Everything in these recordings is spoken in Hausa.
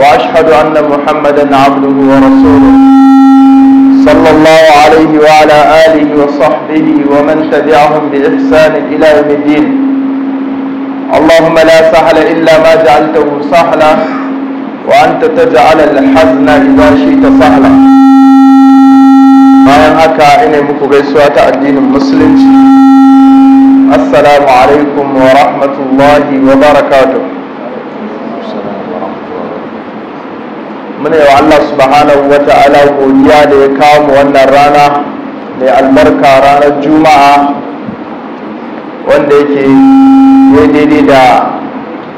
وأشهد أن محمدا عبده ورسوله صلى الله عليه وعلى آله وصحبه ومن تبعهم بإحسان إلى يوم الدين اللهم لا سهل إلا ما جعلته سهلا وأنت تجعل الحزن إذا شئت سهلا bayan haka ina muku الدين المسلم السلام عليكم ورحمة الله وبركاته muna yi wa Allah subhanahu wa ta'ala godiya da ya kawo mu wannan rana mai albarka ranar juma'a wanda yake ya daidai da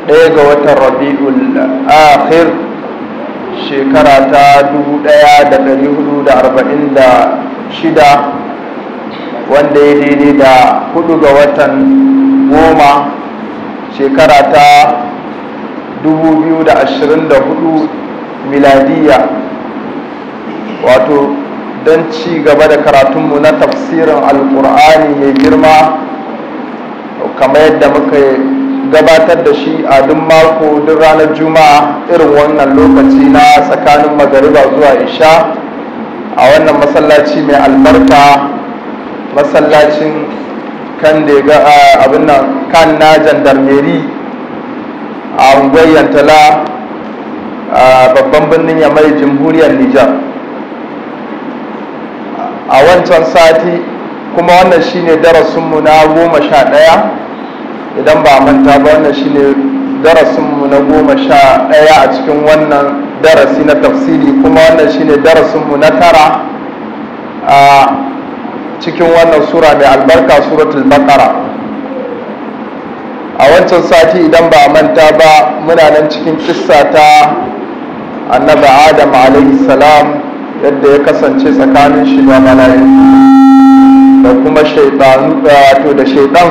ɗaya ga watan rabi'ul akhir shekara ta 1446 wanda ya daidai da hudu ga watan goma shekara ta 2024 miladiya wato don ci gaba da karatunmu na tafsirin alkur'ani mai girma kamar yadda muka gabatar da shi a duk mako duk ranar juma'a irin wannan lokaci na tsakanin magariba zuwa isha a wannan masallaci mai albarka masallacin kan da ga abin kan na jandarmeri a unguwar yantala a babban birnin yamai jamhuriyar nijar a wancan sati kuma wannan shine darasinmu na goma sha ɗaya idan ba manta ba wannan shine darasinmu na goma sha ɗaya a cikin wannan darasi na tafsiri kuma wannan shine darasinmu na tara a cikin wannan sura mai albarka suratul baqara a wancan sati idan ba manta ba muna nan cikin kissa ta annabi adam alaihi salam yadda ya kasance tsakanin shi da mala'iku da kuma shaidanu wato da shaidan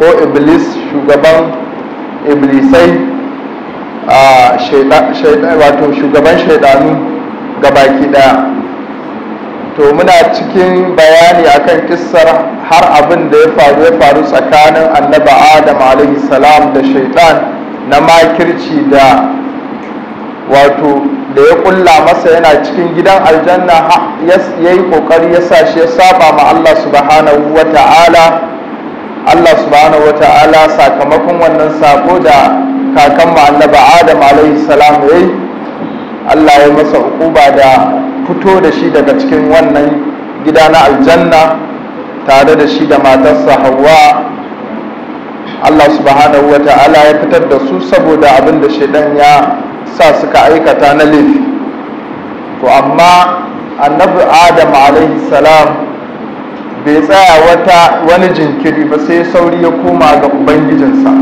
ko iblis shugaban iblisai a wato shugaban shaidanu ga baki daya to muna cikin bayani akan kissar har abin da ya faru ya faru tsakanin annaba adam alaihi salam da shaidan na makirci da wato da ya kulla masa yana cikin gidan aljanna ya yi kokari ya sa shi ya saba ma Allah subhanahu wa ta'ala Allah subhanahu wa ta'ala sakamakon wannan sako da kakan annaba Adam alaihi salam yi. Allah ya masa hukuba da fito da shi daga cikin wannan gida na aljanna tare da shi da matarsa hawa Allah subhanahu wa ta'ala ya fitar da su saboda abin da shaidan ya sa suka aikata na laifi to amma annabi adam alaihi salam bai tsaya wata wani jinkiri ba sai sauri ya koma ga ubangijinsa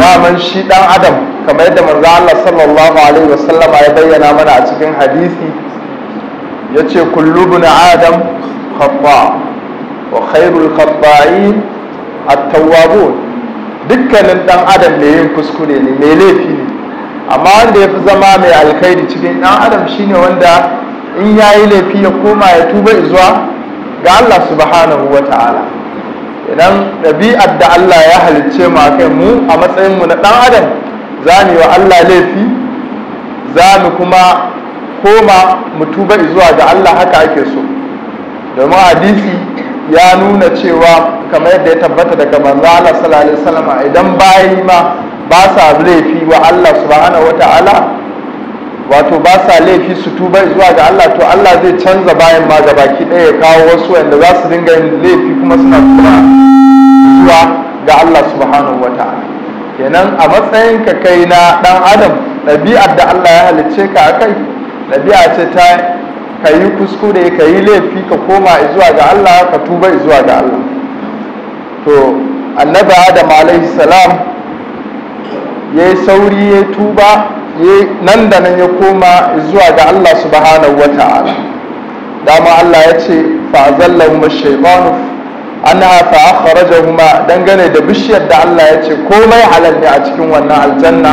daman shi dan adam kamar yadda manzo Allah sallallahu alaihi wasallama ya bayyana mana a cikin hadisi yace kullu ibn adam khata wa khairul khata'in at-tawwabun dukkanin dan adam ne yin kuskure ne mai laifi amma wanda ya fi zama mai alkhairi cikin ɗan adam shine wanda in ya yi laifi ya koma ya tuba zuwa ga Allah subhanahu wa ta'ala idan ɗabi'ar da Allah ya halicce mu a kai mu a matsayinmu na ɗan adam za mu yi wa Allah laifi za mu kuma koma mu tuba zuwa ga Allah haka ake so domin hadisi ya nuna cewa kamar yadda ya tabbata daga manzo Allah sallallahu alaihi wasallam idan bayi ma ba sa laifi wa Allah subhanahu ta'ala wato ba sa laifi su tuba zuwa ga Allah to Allah zai canza bayan ma ga baki ɗaya ya kawo wasu wanda za su dinga yin laifi kuma suna tuba zuwa ga Allah subhanahu ta'ala kenan a matsayin ka kai na dan adam ɗabi'ar da Allah ya halicce ka a kai ɗabi'a ce ta kayi kuskure kayi laifi ka koma zuwa ga Allah ka tuba zuwa ga Allah to annabi adam alaihi salam ya yi sauri ya tuba nan da nan ya koma zuwa ga Allah subhanahu wa ta'ala dama Allah ya ce fa'azallahu mashaitanu anha fa akhrajahuma dangane da bishiyar da Allah ya ce komai halal ne a cikin wannan aljanna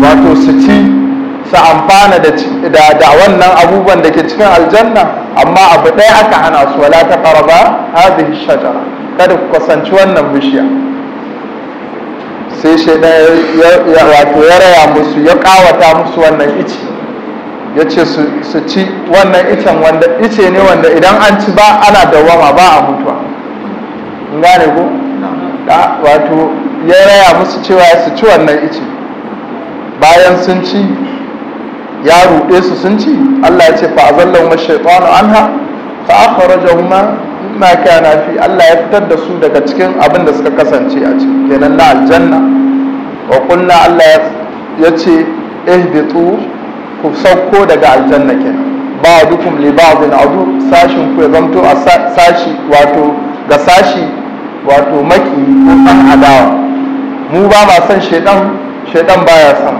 wato su ci su amfana da wannan abubuwan da ke cikin aljanna amma abu ɗaya aka hana su wala ta qaraba hadhihi shajara kada ku kasance wannan bishiya sai shaidan ya wato ya raya musu ya kawata musu wannan ice ya ce su ci wannan icen wanda ice ne wanda idan an ci ba ana dawama ba a mutuwa in gane ko wato ya raya musu cewa su ci wannan ice bayan sun ci ya ruɗe su sun ci Allah ya ce fa azallahu an ha fa ma ma na fi Allah ya fitar da su daga cikin abin da suka kasance a ciki kenan na aljanna wa kunna Allah ya ce ihbitu ku sauko daga aljanna kenan ba dukum li ba'din adu sashin ku ya zamto a sashi wato ga sashi wato maki ko san adawa mu ba ma san shedan shedan baya san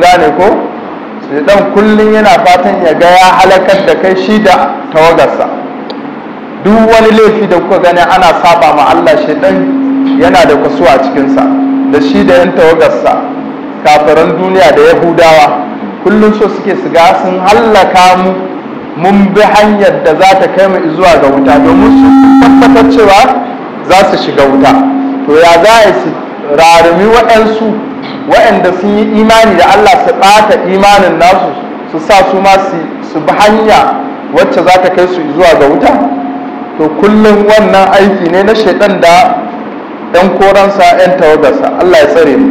gane ko shedan kullun yana fatan ya ga ya halakar da kai shi da tawagarsa duk wani laifi da kuka gani ana saba ma Allah shi dan yana da kusu a cikinsa da shi da yan tawagarsa kafiran duniya da yahudawa kullum so suke su sun hallaka mu mun bi hanyar da za ta kai mu zuwa ga wuta domin su tabbatar cewa za su shiga wuta to ya za a su rarumi waɗansu waɗanda sun yi imani da Allah su ɓata imanin nasu su sa su ma su bi hanya wacce za ta kai su zuwa ga wuta to kullum wannan aiki ne na shaidan da ɗan koransa yan tawagarsa Allah ya tsare mu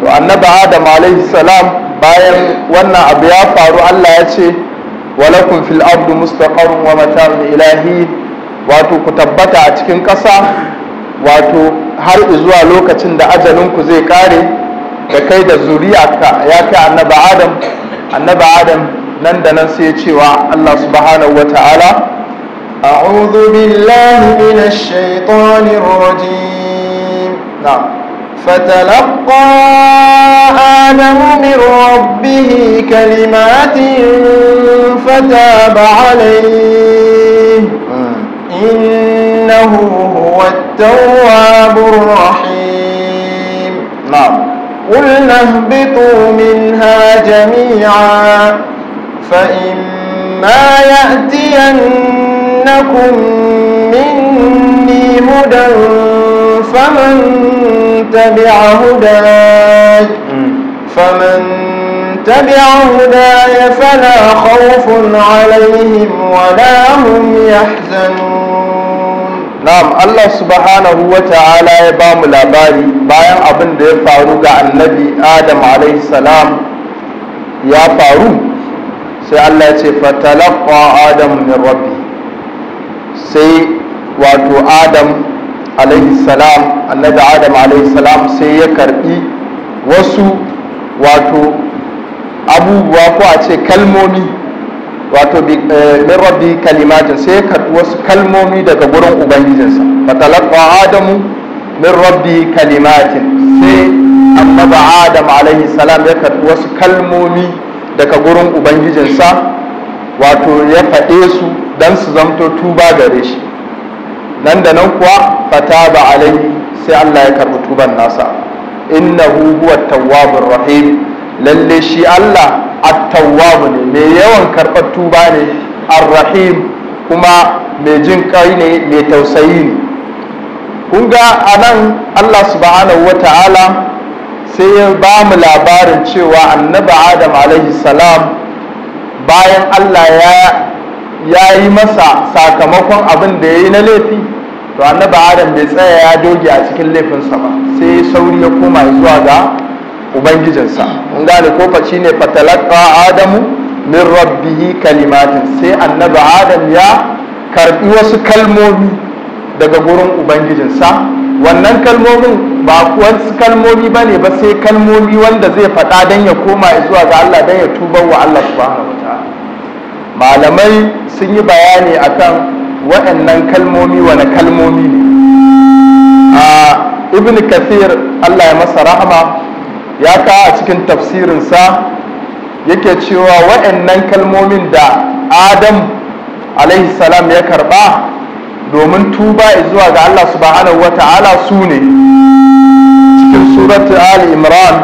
to annaba adam alaihi salam bayan wannan abu ya faru Allah ya ce walakum fil ardi mustaqarrun wa mata'un ilahi wato ku tabbata a cikin ƙasa wato har zuwa lokacin da ajalin ku zai kare da kai da ka, ya kai annaba adam annabi adam nan da nan sai cewa Allah subhanahu wa ta'ala أعوذ بالله من الشيطان الرجيم نعم فتلقى آدم من ربه كلمات فتاب عليه إنه هو التواب الرحيم نعم قلنا اهبطوا منها جميعا فإما يأتين إنكم مني هدى فمن تبع هداي فمن تبع هداي فلا خوف عليهم ولا هم يحزنون نعم الله سبحانه وتعالى يبام لباري بايان أبن دي فاروق النبي آدم عليه السلام يا فاروق سي الله فتلقى آدم من ربي sai wato adam salam annabi adam salam sai ya karbi wasu wato abubuwa ko a ce kalmomi wato eh, min rabbi kalimatin sai ya karbi wasu kalmomi daga gurin ubangijinsa fatalaqa adamu min rabbi kalimatin sai annabi adam salam ya karbi wasu kalmomi daga gurin ubangijinsa wato ya faɗe su don su zamto tuba gare shi nan da nan kuwa fata ba alaihi sai Allah ya karɓi tuban nasa innahu huwa tawwabur rahim lalle shi Allah at-tawwab ne mai yawan karɓar tuba ne ar-rahim kuma mai jin kai ne mai tausayi ne kun ga anan Allah subhanahu wata'ala sai ya ba mu labarin cewa annabi Adam alaihi salam bayan Allah ya yi masa sakamakon abin da ya yi na laifi to annabi adam bai tsaya ya doge a cikin laifinsa ba sai sauri ya koma zuwa ga ubangijinsa in gane ko faci ne fatalaka adamu min rabbihi kalimatin sai annabi adam ya karbi wasu kalmomi daga gurin ubangijinsa wannan kalmomin ba wasu kalmomi ba ne ba sai kalmomi wanda zai faɗa don ya koma zuwa ga Allah don ya tuba wa Allah subhanahu malamai sun yi bayani akan waɗannan kalmomi wani kalmomi ne a ibn kathir Allah ya masa rahama ya kawo a cikin tafsirinsa yake cewa waɗannan kalmomin da adam alaihi salam ya karɓa domin tuba zuwa ga Allah subhanahu wa ta'ala su ne suratu ali imran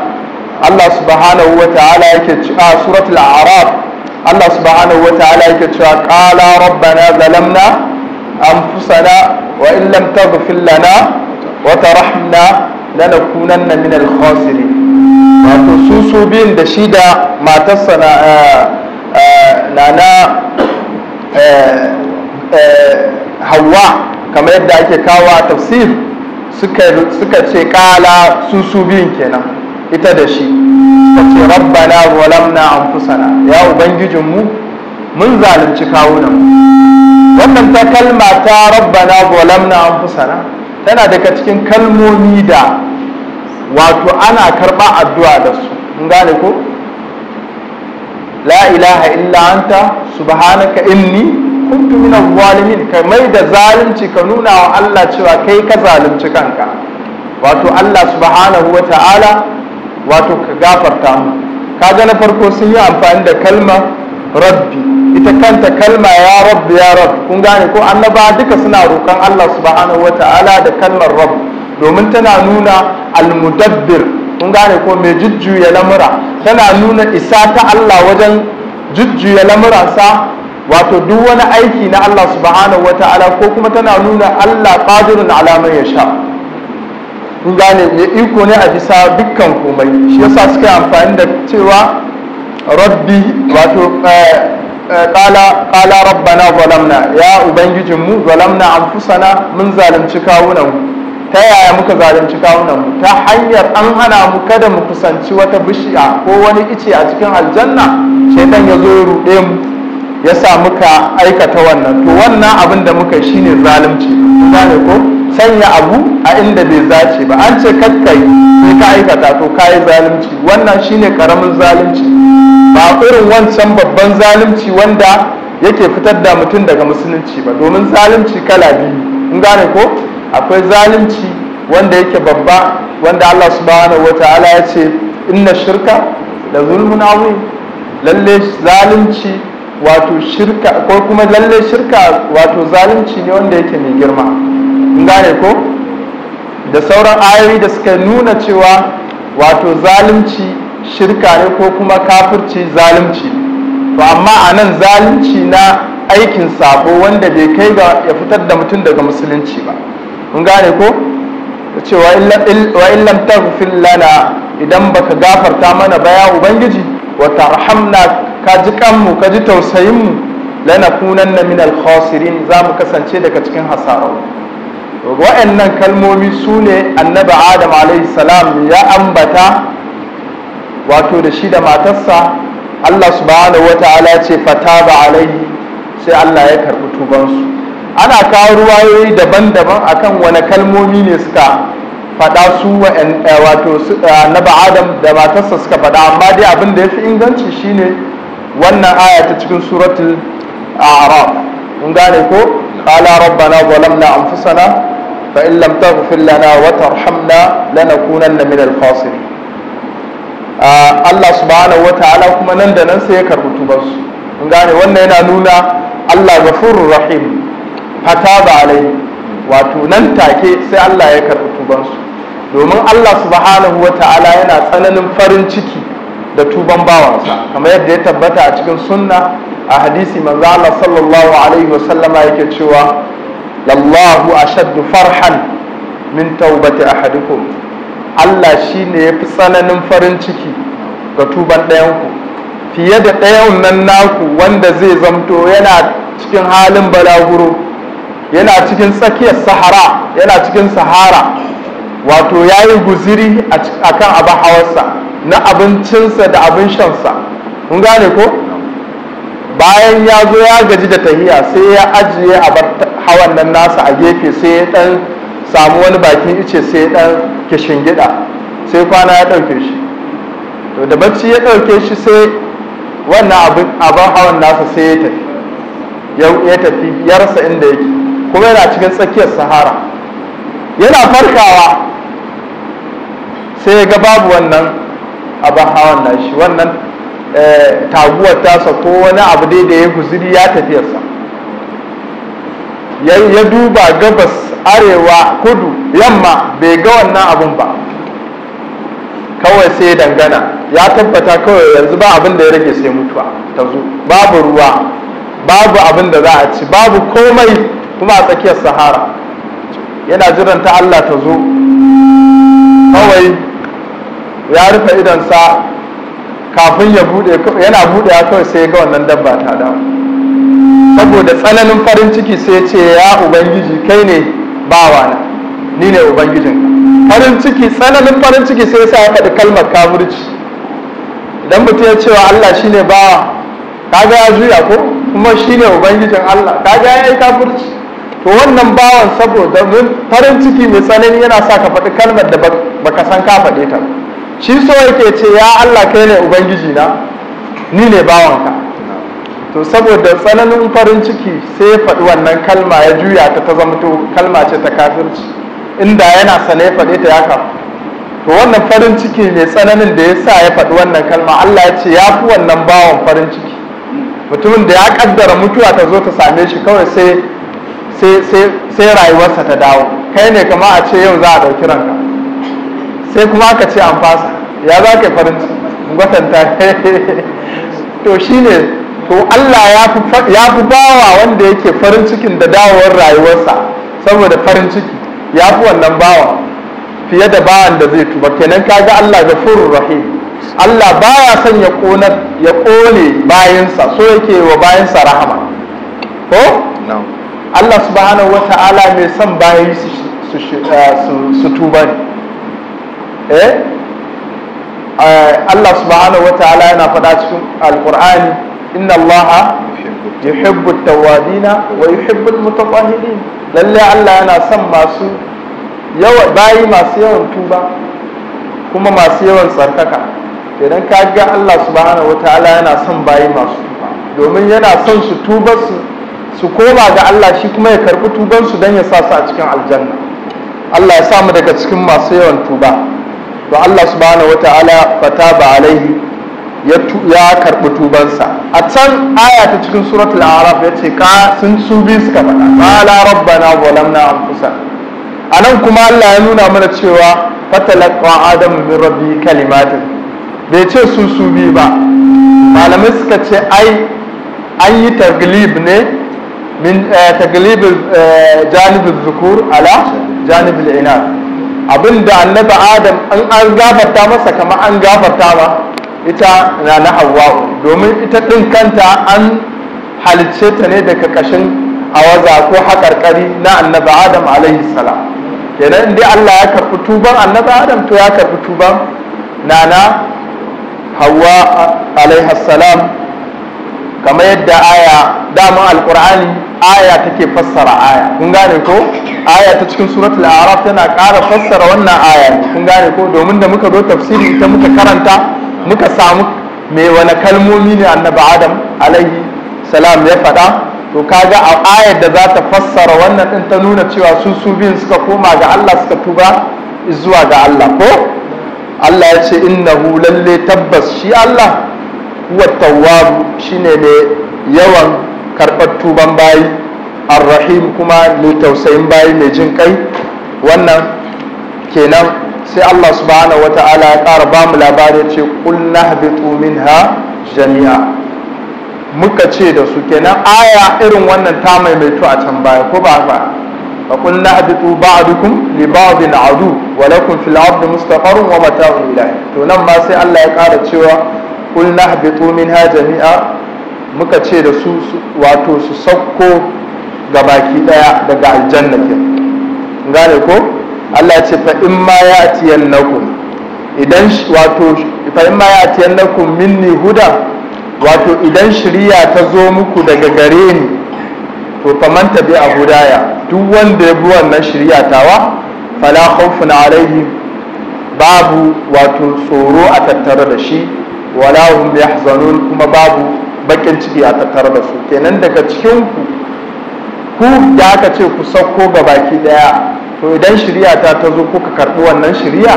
Allah subhanahu wa ta'ala yake cewa suratul a'raf Allah subhanahu wa ta'ala yake cewa qala rabbana zalamna anfusana wa in wata taghfir na wa tarhamna lanakunanna min al-khasirin wato su biyun da shida matarsa na eh, eh, nana eh, hawa kamar yadda ake kawo a tafsir suka ce kala su su biyun kenan ita da shi suka ce rabbana walamna anfusana ya ubangijinmu mun zalunci kawunan wannan ta kalma ta rabbana an anfusana tana daga cikin kalmomi da wato ana karba addu'a da su in gane ko la ilaha illa anta subhanaka inni kuntu min zalimin kai mai da zalunci ka nuna wa Allah cewa kai ka zalunci kanka wato Allah subhanahu wa ta'ala wato ka gafarta mu kaga na farko sun yi amfani da kalma rabbi ita kanta kalma ya rabbi ya rabbi kun gane ko annaba duka suna roƙon Allah subhanahu wa ta'ala da kalmar rabbi domin tana nuna almudabbir kun gane ko mai jujjuya lamura tana nuna isa ta Allah wajen jujjuya lamuransa wato duk wani aiki na Allah subhanahu wa ta'ala ko kuma tana nuna Allah qadirun ala man yasha kun gane ya iko ne a bisa dukkan komai shi yasa suka amfani da cewa rabbi wato eh, eh, qala qala rabbana zalamna ya ubangijin mu zalamna anfusana mun zalunci kawunan ta yaya muka zalunci kawunan mu ta hanyar an hana mu kada mu kusanci wata bishiya ko wani ice a cikin aljanna shaitan ya zo ya rude mu ya sa muka aikata wannan to wannan abin da muka shine zalunci gane ko sanya abu a inda bai zace ba an ce kakkai sai ka aikata to kayi zalunci wannan shine karamin zalunci ba irin wancan babban zalunci wanda yake fitar da mutum daga musulunci ba domin zalunci kala biyu in gane ko akwai zalunci wanda yake babba wanda Allah subhanahu wata'ala ya ce inna shirka da zulmun lalle zalunci wato shirka ko kuma lalle shirka wato zalunci ne wanda yake mai girma gane ko da sauran ayoyi da suka nuna cewa wato zalunci shirka ne ko kuma kafirci zalunci to amma a nan zalunci na aikin sabo wanda bai kai ga ya fitar da mutum daga musulunci ba gane ko ce wa illam taghfir lana idan baka gafarta mana baya ubangiji wa tarhamna ka ji kanmu ka ji tausayinmu kunan na minal khasirin za mu kasance daga cikin hasarau wa'annan kalmomi su ne annabi adam salam ya ambata wato da shi da matarsa allah subhanahu wa ta'ala ce fata ba alai sai allah ya karɓi tubansu ana kawo ruwayoyi daban-daban akan wani kalmomi ne suka faɗa su eh, wato eh, annabi adam da matarsa suka faɗa amma dai abin da ya fi inganci shine wannan aya ta cikin suratul a'raf mun gane ko qala rabbana zalamna anfusana fa in lam taghfir lana wa tarhamna lanakunanna min al-khasirin ah, Allah subhanahu wa ta'ala kuma nan da nan sai ya karbi tubarsu mun gane wannan yana nuna Allah ghafurur rahim fataba alai wato nan take sai Allah ya karbi tubarsu domin Allah subhanahu wa ta'ala yana tsananin farin ciki da tuban bawansa kamar yadda ya tabbata a cikin sunna a hadisi manzo Allah sallallahu alaihi wa sallama yake cewa lallahu ashaddu farhan min taubati ahadikum Allah shine yafi tsananin farin ciki ga tuban ɗayanku fiye da ɗayan nan naku wanda zai zamto yana cikin halin balaguro yana cikin tsakiyar sahara yana cikin sahara wato yayi guziri a kan abin hawarsa na abincinsa da abin shansa mun gane ko bayan ya zo ya gaji da tahiya sai ya ajiye a bar hawan nan nasa a gefe sai ya dan samu wani bakin ice sai ya dan kishin gida sai kwana ya ɗauke shi to da bacci ya ɗauke shi sai wannan abin hawan nasa sai ya tafi ya tafi ya rasa inda yake kuma yana cikin tsakiyar sahara yana farkawa sai ya ga babu wannan abin hawan shi wannan eh, taguwar tasa ko wani abu dai da ya guziri ya tafiyarsa ya duba gabas arewa kudu yamma bai ga wannan abun ba kawai sai dangana ya tabbata kawai yanzu ba abin da ya rage sai mutuwa ta zo babu ruwa babu abin da za a ci babu komai kuma a tsakiyar sahara yana jiran ta allah ta zo kawai ya rufe idonsa kafin ya bude yana bude ya kawai sai ga wannan dabba ta dawo saboda tsananin farin ciki sai ce ya ubangiji kai ne bawa na ni ne ubangijin farin ciki tsananin farin ciki sai sa ya faɗi kalmar kamurci idan mutum ya cewa Allah shine bawa kaga ya juya ko kuma shine ubangijin Allah kaga ya yi kamurci to wannan bawan saboda farin ciki mai tsanani yana sa ka faɗi kalmar da baka san ka faɗe ta ba shi so yake ce ya Allah kai ne ubangiji na ni ne bawanka to saboda tsananin farin ciki sai ya faɗi wannan kalma ya juya ta ta to kalma ce ta kafirci inda yana sane faɗe ta yaka. to wannan farin ciki mai tsananin da ya sa ya faɗi wannan kalma Allah ya ce ya fi wannan bawan farin ciki mutumin da ya kaddara mutuwa ta zo ta same shi kawai sai sai rayuwarsa ta dawo kai ne kama a ce yau za a ɗauki ranka sai kuma aka ce an fasa ya za ka farin gwatanta to shine to Allah ya fi bawa wanda yake farin cikin da dawowar rayuwarsa saboda farin ciki ya fi wannan bawa fiye da bawan da zai tuba kenan kaga Allah furu rahim Allah baya son ya kone ya kone bayansa so yake wa bayansa rahama ko Allah subhanahu wata'ala mai son bayi su eh, tuba ne Eh? eh Allah subhanahu wa ta'ala yana faɗa cikin alkur'ani inna Allah yuhibbu tawadina wa yuhibbu mutatahhirin lalle Allah yana son masu yawa bayi masu yawan tuba kuma masu yawan tsarkaka idan ka ga Allah subhanahu wa ta'ala yana son bayi masu tuba domin yana son su tuba su su koma ga Allah shi kuma ya karbi tubansu don ya sa su a cikin aljanna Allah ya samu daga cikin masu yawan tuba to Allah subhanahu wata'ala ba alaihi ya karɓi tubansa a can aya ta cikin suratul araf ya ce ka sun su bi suka faɗa qala rabbana zalamna A anan kuma Allah ya nuna mana cewa fatalaqa adamu min rabbi kalimatin bai ce sun su bi ba malamai suka ce ai an yi taglib ne min eh, taglib eh, janibin zukur ala janibin inas abinda annabi adam an an gafarta masa kamar an gafarta ma ita na na hawa domin ita ɗin kanta an halicce ta ne daga kashin awaza ko haƙarƙari na annabi adam alayhi salam kenan inda allah ya karɓi tuban annabi adam to ya karɓi tuban na na hawa alayhi salam kamar yadda aya dama alkur'ani aya take fassara aya kun gane ko aya ta cikin suratul araf tana ƙara fassara wannan aya kun gane ko domin da muka zo tafsiri ita muka karanta muka samu me wani kalmomi ne annabi adam alaihi salam ya faɗa to kaga a ayar da za ta fassara wannan din ta nuna cewa su su biyun suka koma ga Allah suka tuba zuwa ga Allah ko Allah ya ce innahu lalle tabbas shi Allah huwa tawwab shine mai yawan karɓar tuban bayi arrahim kuma mai tausayin bayi mai jin kai wannan kenan sai Allah subhanahu wa ta'ala ya ƙara ba mu labari ce kul nahbitu minha jami'a muka ce da su kenan aya irin wannan ta maimaito a can baya ko ba ba fa kul nahbitu ba'dukum li ba'din adu wa lakum fil ardi mustaqarrun wa mata'un ila to nan ma sai Allah ya ƙara cewa kulna habitu minha jami'a muka ce da su wato su sauko ga baki daya daga aljanna ko Allah ce fa in ma ya tiyan nakum idan wato fa in ma ya tiyan nakum minni huda wato idan shari'a ta zo muku daga gare ni to faman tabi a hudaya duk wanda ya bi wannan shari'a tawa fala khawfun alaihim babu wato tsoro a tattare da shi wala hum yahzanun kuma babu bakin ciki a tattare da su kenan daga cikin ku ku da aka ce ku sauko ga baki daya to idan shari'a ta ta zo kuka karbi wannan shari'a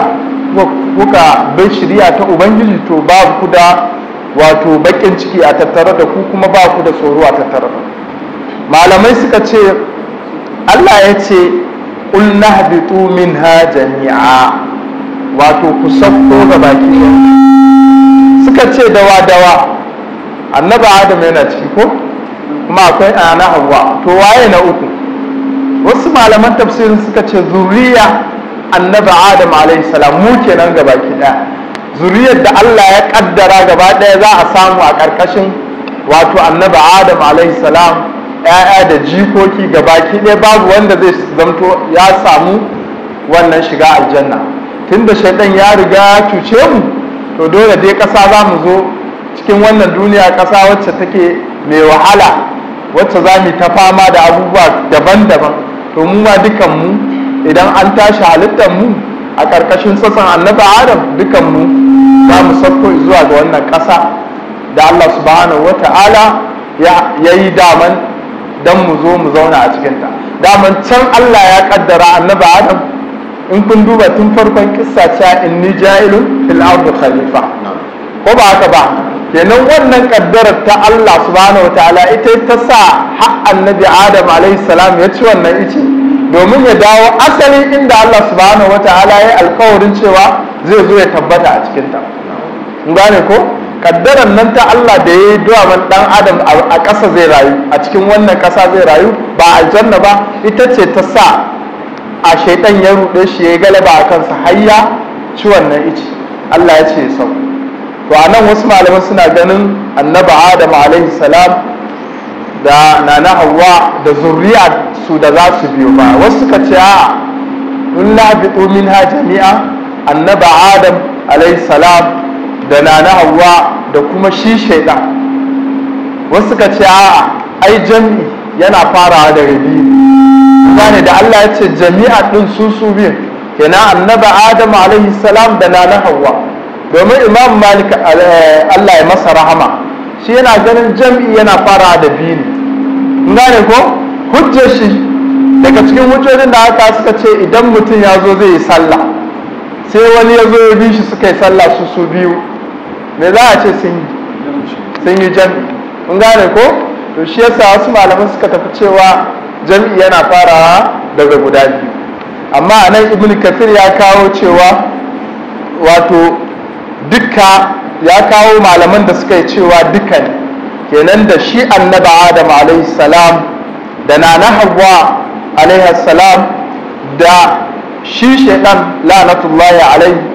kuka bin shari'a ta ubangiji to ba ku da wato bakin ciki a tattare da ku kuma ba ku da tsoro a tattare da malamai suka ce Allah ya ce qul nahbitu minha jami'a wato ku sauko ga baki daya suka ce dawa dawa annabi adam yana ciki ko kuma akwai ana hawa to waye na uku wasu malaman tafsirin suka ce zuriya annabi adam alayhi salam mu kenan gaba ki daya zuriyar da Allah ya kaddara gaba daya za a samu a karkashin wato annabi adam alayhi salam ƴaƴa da jikoki gaba ki daya babu wanda zai zamto ya samu wannan shiga aljanna tunda shaidan ya riga cuce mu to dole dai ƙasa za mu zo cikin wannan duniya ƙasa wacce take mai wahala wacce za mu ta fama da abubuwa daban-daban to mu ma dukan mu idan an tashi halittar mu a ƙarƙashin sassan annabi adam dukan mu za mu sauko zuwa ga wannan ƙasa da Allah subhanahu Ta'ala ya yi daman don mu zo mu zauna a cikinta daman can Allah ya ƙaddara annabi adam in kun duba tun farkon kissa cewa ni ja'ilun fil ardi khalifa ko ba haka ba kenan wannan kaddarar ta Allah subhanahu ta'ala ita ta sa har annabi Adam alayhi salam ya ci wannan ice domin ya dawo asali inda Allah subhanahu ta'ala ya alkawarin cewa zai zo ya tabbata a cikin ta kun gane ko kaddarar nan ta Allah da yayi yi duwaman dan adam a ƙasa zai rayu a cikin wannan ƙasa zai rayu ba aljanna ba ita ce ta sa a shaidan ya ruɗe shi ya galaba a kansa hayya ciwon wannan ici Allah ya ce sau to a nan wasu malaman suna ganin annaba adam alaihi salam da nana hawa da zuriya su da za su biyo ba wasu suka ce a nulla bi ha jami'a annaba adam alaihi salam da nana hawa da kuma shi shaidan wasu suka ce a ai jami'i yana farawa da rabi gane da Allah ya ce jami'a ɗin su su biyu kenan annaba Adam alaihi salam da nana Hawwa domin Imam Malik eh, Allah ya masa rahama shi yana ganin jam'i yana fara da biyu ne gane ko hujjar shi daga cikin hujjojin da aka suka ce idan mutum ya zo zai yi sallah sai wani ya zo ya bi shi suka yi sallah su su biyu me za a ce sun yi sun yi gane ko to shi yasa wasu malaman suka tafi cewa jami'i yana farawa daga guda biyu amma a nan ibn kasir ya kawo cewa wato dukka ya kawo malaman da suka yi cewa duka ne kenan da shi annaba adam alaihi salam da nana hawa alaihi salam da shi shaidan la'anatullahi alaihi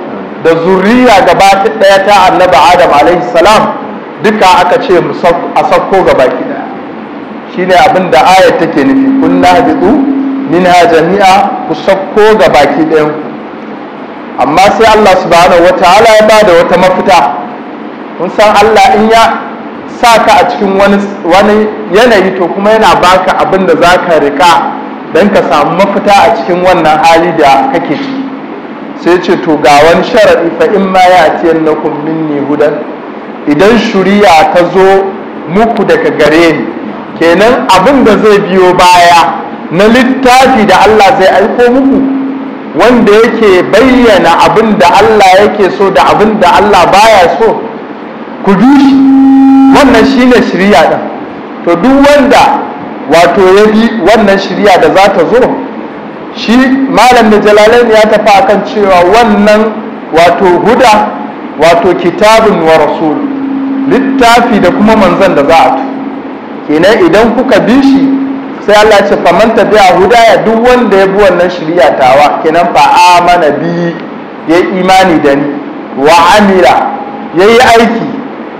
da zuriya gaba ɗaya ta annaba adam alaihi salam duka aka ce a sauko gaba ɗaya. shine abin da ayat take nufi kunna nina minha jami'a ku sakko ga baki ɗayan amma sai Allah subhanahu wataala ya da wata mafita kun san Allah in ya sa ka a cikin wani yanayi to kuma yana baka abin da za ka rika don ka samu mafita a cikin wannan hali da kake ciki sai ce to ga wani sharaɗi fa in ma ya ce na minni hudan idan shuriya ta zo muku daga gare ni kenan abin da zai biyo baya na littafi da Allah zai aiko muku wanda yake bayyana abin da Allah yake so da abin da Allah baya so ku Wannan shi wannan shirya ɗin to duk wanda wato ya bi wannan shirya da za ta zo shi malam da jalalain ya tafi akan cewa wannan wato huda wato kitabun wa rasul littafi da kuma manzan da za a tu kenan idan kuka bi shi sai Allah ce faman tabi'a hudaya duk wanda ya bi wannan shari'a tawa kenan fa amana bi ya imani da ni wa amila yayi aiki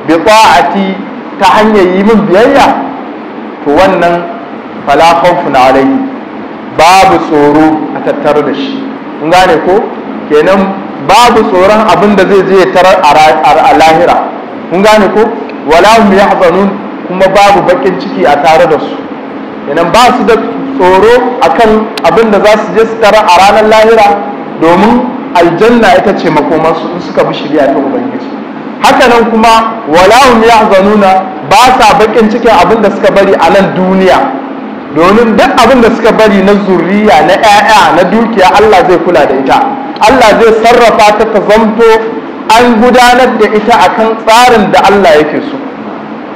bi ta'ati ta hanyar yi min biyayya to wannan fala khawfun alayhi babu tsoro a tattare da shi kun gane ko kenan babu tsoron abinda zai je tarar a lahira kun gane ko wala hum yahzanun kuma babu bakin ciki a tare da su idan ba su da tsoro akan abin da za su je su tara a ranar lahira domin aljanna ita ce makomansu in suka bi shirya ta ubangiji haka nan kuma walahum zanuna ba sa bakin cikin abin da suka bari a nan duniya domin duk abin da suka bari na zuriya na 'ya'ya na dukiya Allah zai kula da ita Allah zai sarrafa ta ta zamto an gudanar da ita akan tsarin da Allah yake so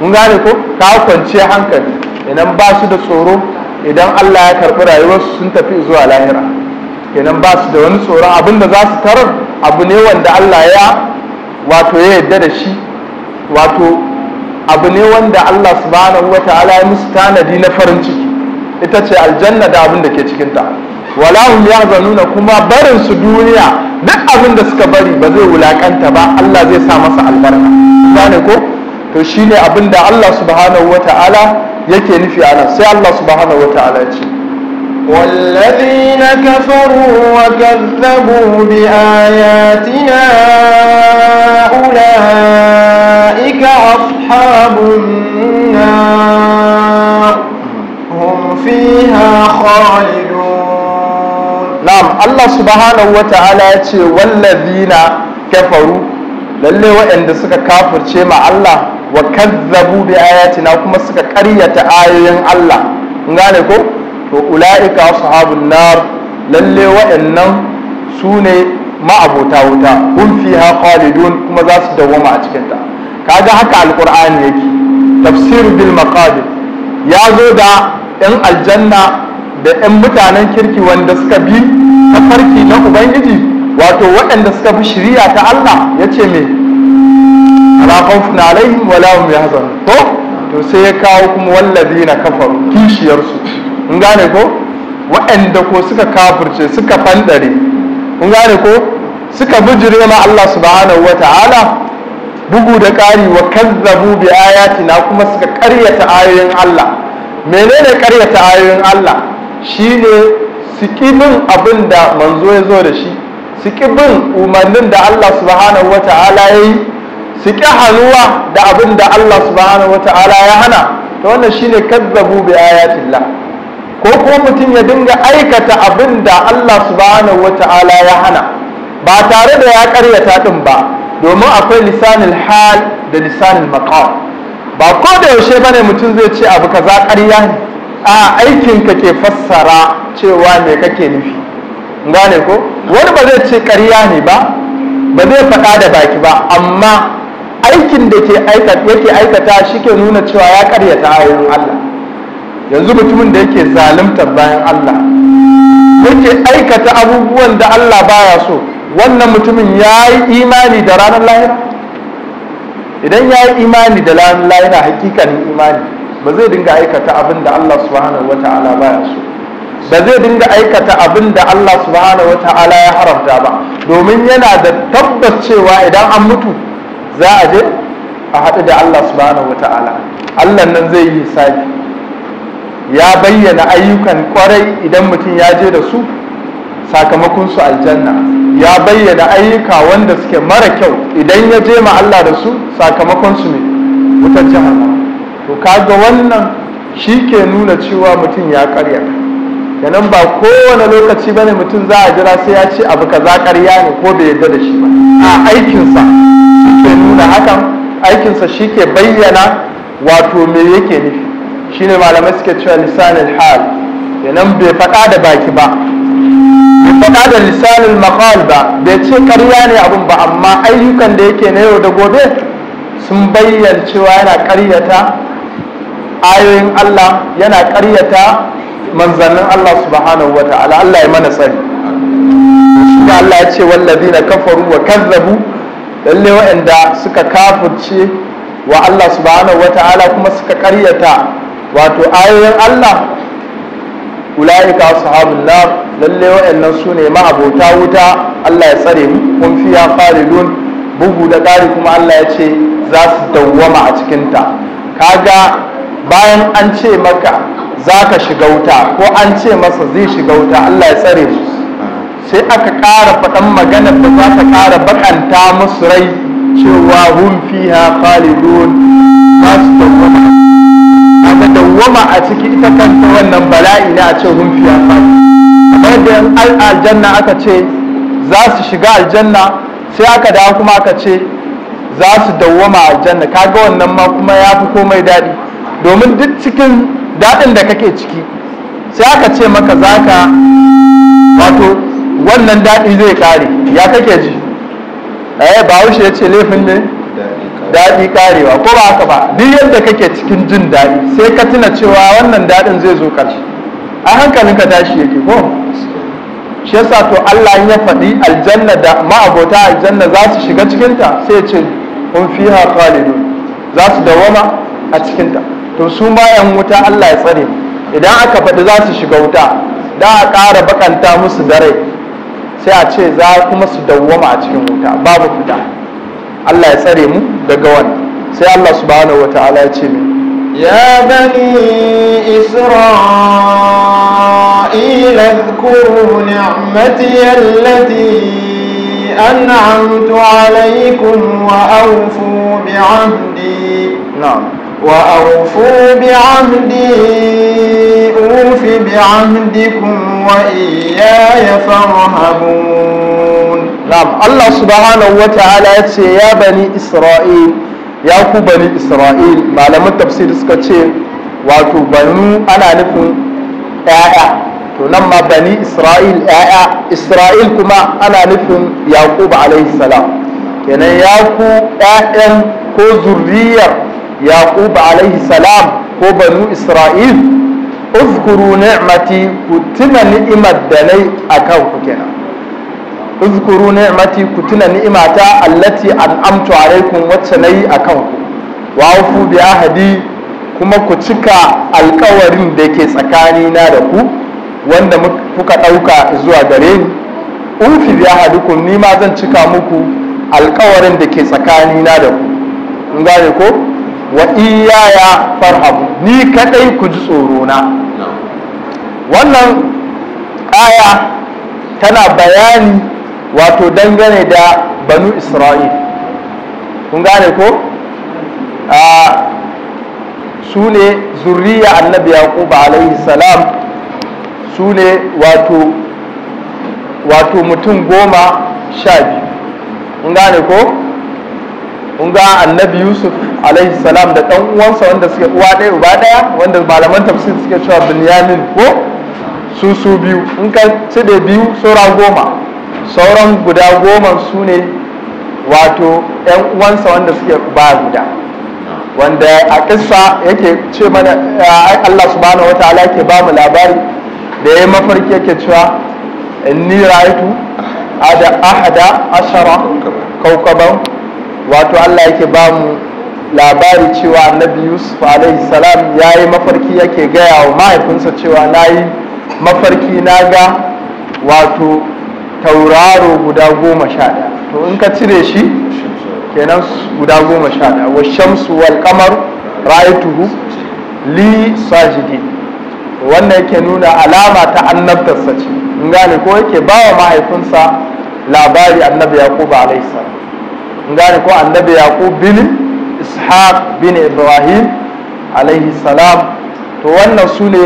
mun gane ko ka kwanciya hankali idan ba su da tsoro idan Allah ya karɓi rayuwar sun tafi zuwa lahira kenan ba su da wani tsoron abin da za su tarar abu ne wanda Allah ya wato ya yadda da shi wato abu ne wanda Allah subhanahu wata'ala ya musu tanadi na farin ciki ita ce aljanna da abin da ke cikinta wala hum yahzanuna kuma barin su duniya duk abin da suka bari ba zai wulakanta ba Allah zai sa masa albarka gane ko to shine abin da Allah subhanahu ta'ala yake nufi ana sai Allah subhanahu ta'ala ce والذين كفروا وكذبوا بآياتنا أولئك أصحاب النار هم فيها خالدون نعم الله سبحانه وتعالى والذين kafaru? lalle waɗanda suka kafirce ma Allah wa kazzabu bi ayatina kuma suka karyata ayoyin Allah kun gane ko to ulaika ashabun nar lalle wa'annan su ne wuta hum fiha khalidun kuma za su dawwama a cikin ta kaga haka alqur'ani yake tafsir bil maqadir ya zo da yan aljanna da yan mutanen kirki wanda suka bi tafarki na ubangiji wato waɗanda suka fi shari'a ta Allah ya ce me la khawfun alaihim wa la yahzanun to to sai ya kawo kuma wallazina kafaru kishiyar su kun gane ko waɗanda ko suka kafirce suka fanɗare, kun gane ko suka bijire ma Allah subhanahu wata'ala bugu da ƙari wa kazzabu bi ayatina kuma suka ƙaryata ayoyin Allah menene ƙaryata ayoyin Allah shine su ƙibin abin da manzo ya zo da shi Sikibin umarnin da Allah subhanahu wata'ala ya yi su ƙi hannuwa da abin da Allah subhanahu wata'ala ya hana ta wannan shine kazzabu bi ayatillah ko ko mutum ya dinga aikata abin da Allah subhanahu wata'ala ya hana ba tare da ya karyata din ba domin akwai lisanin hal da lisanin maqam ba ko da yaushe ne mutum zai ce abu kaza ƙarya ne a aikinka ke fassara cewa me kake nufi gane ko wani ba zai ce ƙarya ne ba ba zai faɗa da baki ba amma aikin da ke yake aikata shi ke nuna cewa ya karyata ayoyin Allah yanzu mutumin da yake zaluntar bayan Allah yake aikata abubuwan da Allah baya so wannan mutumin ya yi imani da ranar lahira idan ya yi imani da ranar lahira hakikanin imani ba zai dinga aikata abin da Allah subhanahu wa ta'ala baya so ba zai dinga aikata abin da Allah subhanahu wa ta'ala ya haramta ba domin yana da tabbas cewa idan an mutu za a je a haɗu da Allah subhanahu ta'ala. Allah nan zai yi saki ya bayyana ayyukan kwarai idan mutum ya je da su sakamakon su aljanna ya bayyana ayyuka wanda suke mara kyau idan ya je ma Allah da su sakamakon su ne wutar jahannama to kaga wannan shi ke nuna cewa mutum ya karya yanan ba kowane lokaci ba ne mutum za a jira sai ya ce abu kaza karya ne ko bai yarda da shi ba a aikinsa ke nuna hakan aikinsa shi ke bayyana wato me yake nufi Shi ne malamai suke cewa lisanin hal yanan bai faɗa da baki ba bai faɗa da lisanin makawal ba bai ce karya ne abin ba amma ayyukan da yake na yau da gobe sun bayyana cewa yana karyata ayoyin Allah yana karyata manzannin Allah subhanahu wa ta'ala Allah ya mana tsari Allah ya ce wallazina kafaru wa kazzabu lalle waɗanda suka kafurce wa Allah subhanahu wata'ala kuma suka karyata wato ayoyin Allah ulaika ashabun nar lalle waɗannan su ne ma'abota wuta Allah ya tsare mu kun fiya faridun bugu da ƙari kuma Allah ya ce za su dawwama a cikinta kaga bayan an ce maka za ka shiga wuta ko an ce masa zai shiga wuta Allah ya tsare mu sai aka ƙara faɗan maganar da za ta ƙara bakanta musu rai cewa hun fiha khalidun ba su dawwama aka dawwama a ciki ita kanta wannan bala'i ne a ce hun fiha khalidun kamar da yan aljanna aka ce za su shiga aljanna sai aka dawo kuma aka ce za su dawwama aljanna kaga wannan ma kuma ya fi komai daɗi domin duk cikin daɗin da kake ciki sai aka ce maka za ka wato wannan daɗi zai kare ya kake ji eh ba wuce ya ce laifin ne daɗi karewa ko ba haka ba duk yadda kake cikin jin daɗi sai ka tuna cewa wannan daɗin zai zo ƙarshe a hankalin ka tashi yake ko shi yasa to Allah ya faɗi aljanna da ma'abota aljanna za su shiga cikinta sai ce kun fiha khalidun za su dawama a cikinta to su bayan wuta Allah ya tsare idan aka faɗi za su shiga wuta da a ƙara baƙanta musu da rai sai a ce za kuma su dawwama a cikin wuta babu fita Allah ya tsare mu daga wani. sai Allah subhanahu wataala ya ce mu يا بني إسرائيل اذكروا نعمتي التي أنعمت عليكم وأوفوا بعهدي نعم وأوفوا بعهدي أوف بعهدكم وإياي فارهبون نعم الله سبحانه وتعالى يا بني إسرائيل يا ku bani Isra'il malaman tafsir suka ce wato banu ana nufin ‘ya'ya to nan ma bani Isra'il ‘ya'ya Isra'il kuma ana nufin Yakubu alaihi salam kenan Yaqub ‘ya'yan ko zurriyar yaqub alaihi salam ko banu isra'il uzkuru ni'mati ku tuna ni'imar da nai kan ku kenan uzkuru ni'mati ku tuna ni'imata allati an'amtu alaikum wacce nayi kan ku wa ufu bi ahadi kuma ku cika alkawarin da ke tsakani na da ku wanda kuka ɗauka zuwa gare ni ufi bi ahadukum ni ma zan cika muku alkawarin da ke tsakani na da ku in gane ko wa iyaya farhabu ni kadai ku ji tsorona wannan aya tana bayani wato dangane da banu isra'il kun gane ko su ne zurriya annabi yaquba alaihi salam su ne wato wato mutum goma sha biyu kun gane ko kun ga annabi yusuf alaihi salam da dan uwansa wanda suke uwa ɗaya uba ɗaya wanda malaman tafsir suke cewa binyamin ko su su biyu in ka ci da biyu saura goma sauran guda goma su ne wato yan uwansa wanda suke uba guda wanda a kissa yake ce mana eh, Allah subhanahu wataala yake ba mu labari da ya mafarki yake cewa inni ra'aytu ada ahada ashara kaukaban wato Allah yake ba mu labari cewa annabi yusuf alaihi salam ya yi mafarki yake gaya wa mahaifinsa cewa na yi mafarki na ga wato tauraro guda goma sha ɗaya to in ka cire shi kenan guda goma sha ɗaya wa shamsu wal kamar ra'aituhu li sajidi wannan yake nuna alama ta annabtarsa ce in gane ko yake ba wa mahaifinsa labari annabi yaqub alaihi salam in gane ko annabi yaqub bilin ishaq bin ibrahim alaihi salam to wannan su ne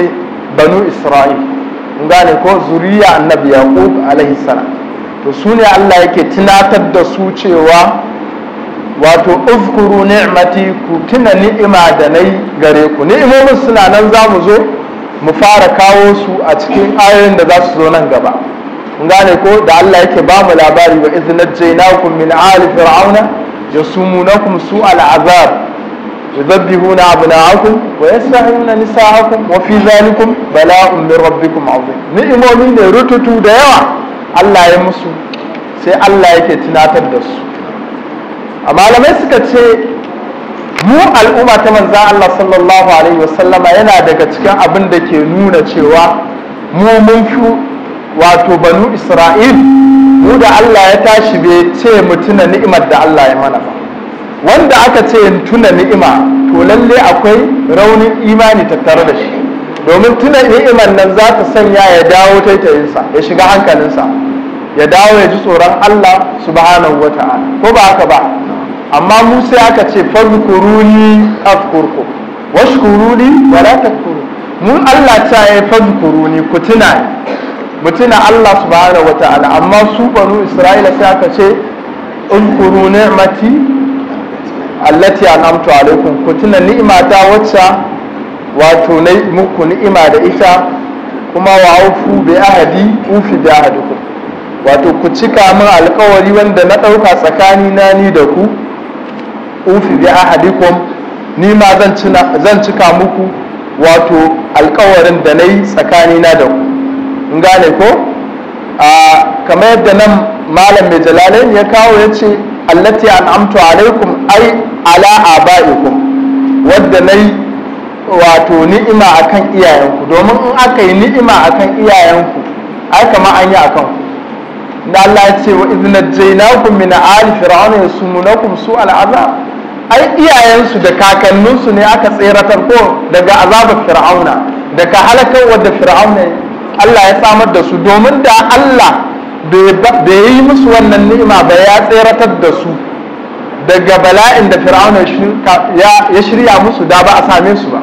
banu isra'il in gane ko zuriya annabi yaqub alaihi salam to su ne allah yake tunatar da su cewa wato uzkuru ni'mati ku tuna ni'ima da nayi gare ku ni'imomin suna nan za mu zo mu fara kawo su a cikin ayoyin da za su zo nan gaba in gane ko da allah yake ba mu labari wa iznajjaynakum min ali fir'auna yasumunakum su'al al'azab yudabbihuna abna'akum wa yastahiyuna nisa'akum wa fi zalikum bala'un min rabbikum azim ni'imomi ne rututu da yawa Allah ya musu sai Allah yake tunatar da su a malamai suka ce mu al'umma ta manzo Allah sallallahu alaihi yana daga cikin abin da ke nuna cewa mu mun fi wato banu isra'il mu da Allah ya tashi bai ce mu tuna ni'imar da Allah ya mana ba wanda aka ce tuna ni'ima to lalle akwai raunin imani tattare da shi domin tuna ni'imar nan za ta sanya ya dawo taitayinsa ya shiga hankalinsa ya dawo ya ji tsoron Allah subhanahu ta'ala ko ba haka ba amma mu sai aka ce fadkuruni afkurku washkuruni wala takfuru mun Allah ta ya fadkuruni ku tuna mutuna Allah subhanahu wata'ala amma su banu Isra'ila sai aka ce in kuru ni'mati allati an'amtu alaikum ku tuna ni'imata wacce wato na muku ni'ima da ita kuma wa ufu bi ahadi ufi bi ahadikum wato ku cika min alkawari wanda na ɗauka tsakani na ni da ku ufi bi ahadikum ni ma zan cika muku wato alkawarin da na yi tsakani na da ku gane ko a kamar yadda nan malam mai jalalain ya kawo ya ce allati an'amtu alaikum ai ala abaikum wadda na yi wato ni'ima a kan iyayenku domin in aka yi ni'ima a kan iyayenku ai kama an yi a ku da Allah ya ce wa izina jainakum min ali fir'auna yasumunakum su al'aza ai iyayensu da kakanninsu ne aka tseratar ko daga azabar fir'auna daga halakar wadda fir'auna ya Allah ya samar da su domin da Allah bai yi musu wannan ni'ima ba ya tseratar da su daga bala'in da fir'auna ya shirya musu da ba a same su ba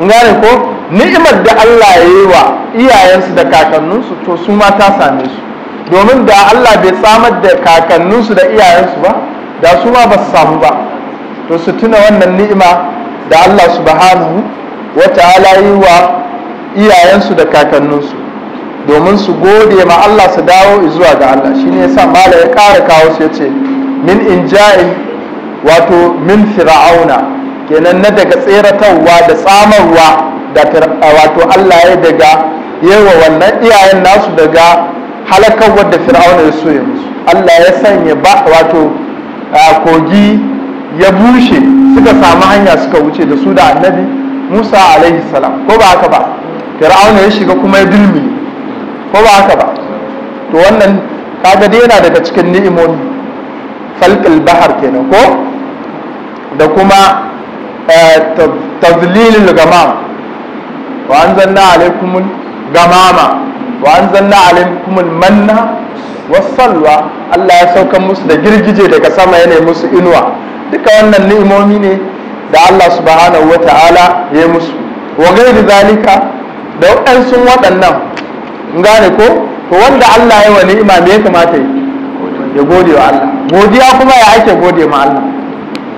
gane ko ni'imar da Allah ya yi wa iyayensu da kakanninsu to su ma ta same su domin da Allah bai samar da kakanninsu da iyayensu ba da su ma ba su samu ba to su tuna wannan ni'ima da Allah subhanahu wa ta'ala yi wa iyayensu da kakanninsu domin su gode ma Allah su dawo zuwa ga Allah shine yasa mala ya ƙara kawo su ce min inja'in wato min fir'auna kenan na daga tseratarwa da tsamarwa da wato Allah ya daga yawa wannan iyayen nasu daga halakar wadda fir'auna ya so ya musu Allah ya sanya ba wato kogi ya bushe suka samu hanya suka wuce da su da annabi Musa alaihi salam ko ba haka ba fir'auna ya shiga kuma ya dulmi ko ba haka ba to wannan kaga dai yana daga cikin ni'imomi falqil bahar kenan ko da kuma eh, tadlilul gamam wa anzalna alaykumul gamama wa anzalna alaykumul manna wasalwa Allah ya saukan musu da girgije daga sama yana musu inuwa duka wannan ni'imomi ne da Allah subhanahu wa ta'ala ya musu wa gairi zalika da waɗansu waɗannan gane ko to wanda Allah ya wa ima me ya kamata yi ya gode wa Allah godiya kuma ya ake gode ma Allah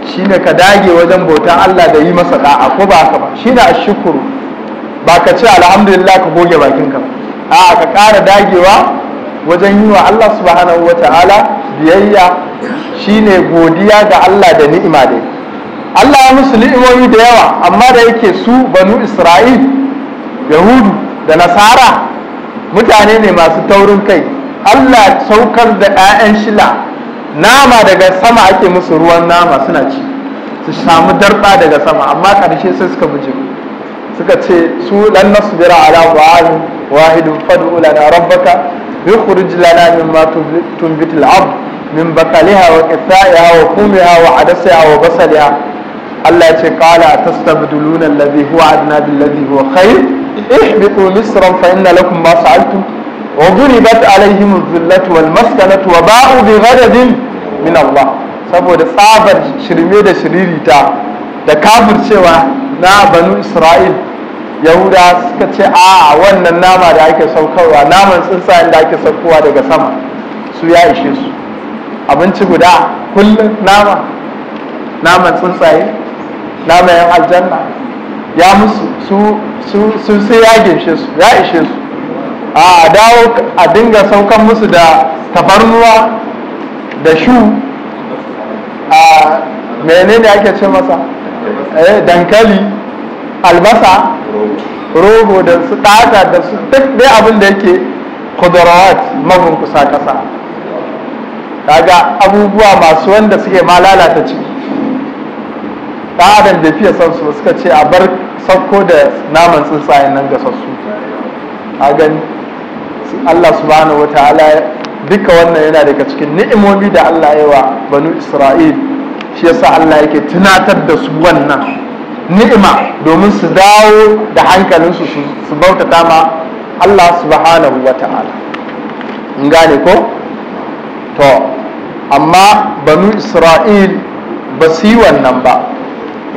Shi ne ka dage wajen bautan Allah da yi masa da'a ko ba ka ba Shi a shukuru ba ka ce alhamdulillah ka goge bakin ka a ka ƙara dagewa wajen yi wa Allah subhanahu wa ta'ala biyayya Shi ne godiya ga Allah da ni'ima dai Allah ya musu ni'imomi da yawa amma da yake su banu Isra'il yahudu da nasara mutane ne masu taurin kai allah saukar da 'ya'yan shila nama daga sama ake musu ruwan nama suna ci su samu darba daga sama amma karshe sai suka buje suka ce su dan nasbira ala ba'in wahidu fad'u lana rabbaka yukhrij lana ma tunbitu al-ard min bakaliha wa qithaiha wa kumiha wa adasiha wa basaliha Allah ya ce qala atastabduluna alladhi huwa adna billadhi huwa khair ihbitu misran fa inna lakum ma fa'altum wa duribat alaihim adh-dhillatu wal maskanatu wa ba'u bi min Allah saboda tsabar shirme da shiririta da cewa na banu Isra'il Yahuda suka ce a wannan nama da ake saukarwa naman tsuntsayen da ake saukowa daga sama su ya ishe su abinci guda kullum nama naman tsuntsaye nama yan aljanna ya musu su sai ya ginshe su ya ishe su a dawo a dinga saukan musu da tabarnuwa da shu a menene ake ce masa eh, dankali albasa rogo da su ɗata da su duk dai abin da yake kudurawat mabin kusa kasa Daga abubuwa masu wanda suke ma lalata ciki adam da fiye san su suka ce a bar sauko da naman tsuntsayen nan gasassu a gani Allah subhanahu wataala duka wannan yana daga cikin ni'imomi da Allah ya wa banu Isra'il shi yasa Allah yake tunatar da su wannan ni'ima domin su dawo da hankalinsu su bautata ma Allah subhanahu ta'ala. in gane ko to amma banu Isra'il ba su yi wannan ba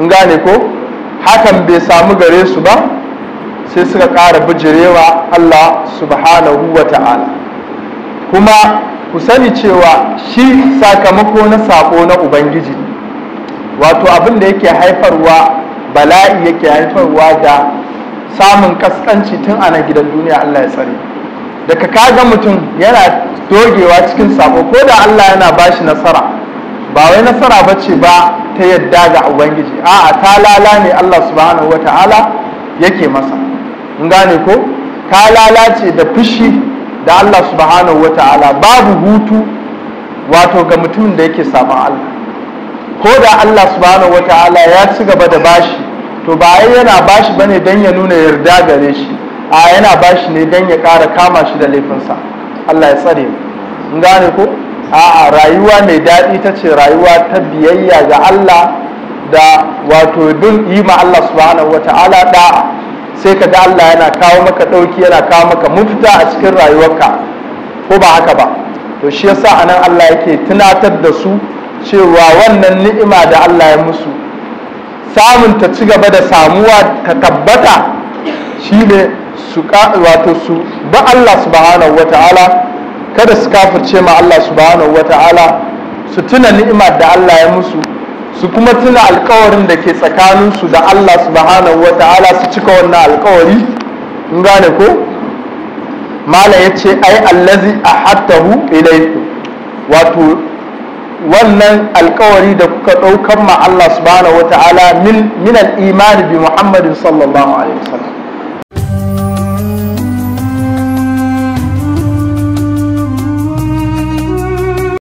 in gane ko hakan bai samu gare su ba sai suka ƙara bijirewa Allah subhanahu wa ta'ala kuma ku sani cewa shi sakamako na sako na ubangiji wato abin da yake haifarwa bala'i yake haifarwa da samun kaskanci tun ana gidan duniya Allah ya tsare daga kaga mutum yana dogewa cikin sako ko da Allah yana bashi nasara ba wai nasara ba ce ba ta yadda ga ubangiji a'a lala ne Allah subhanahu wa ta'ala yake masa in gane ko ce da fushi da Allah subhanahu wa ta'ala babu hutu wato ga mutumin da yake saban Allah ko da Allah subhanahu wa ta'ala ya ci gaba da bashi to ba yana bashi bane dan ya nuna yarda gare shi a yana bashi ne dan ya kara kama shi da laifinsa Allah ya tsare mu ko a'a rayuwa mai daɗi ta ce rayuwa ta biyayya ga Allah da wato bin yi ma Allah subhanahu wata'ala da'a sai ka ga Allah yana kawo maka ɗauki yana kawo maka mufita a cikin rayuwarka ko ba haka ba to shi yasa anan Allah yake tunatar da su cewa wannan ni'ima da Allah ya musu samun ta ci gaba da samuwa ta tabbata shi ne su wato su ba Allah subhanahu wata'ala kada su kafirce ma Allah subhanahu wata'ala su tuna ni'imar da Allah ya musu su kuma tuna alkawarin da ke tsakaninsu da Allah subhanahu wata'ala su cika wannan alkawari in gane ko mala ya ce ai allazi ahattahu ilaiku wato wannan alkawari da kuka ɗaukan ma Allah subhanahu wata'ala min al-imani bi Muhammadin sallallahu alaihi wasallam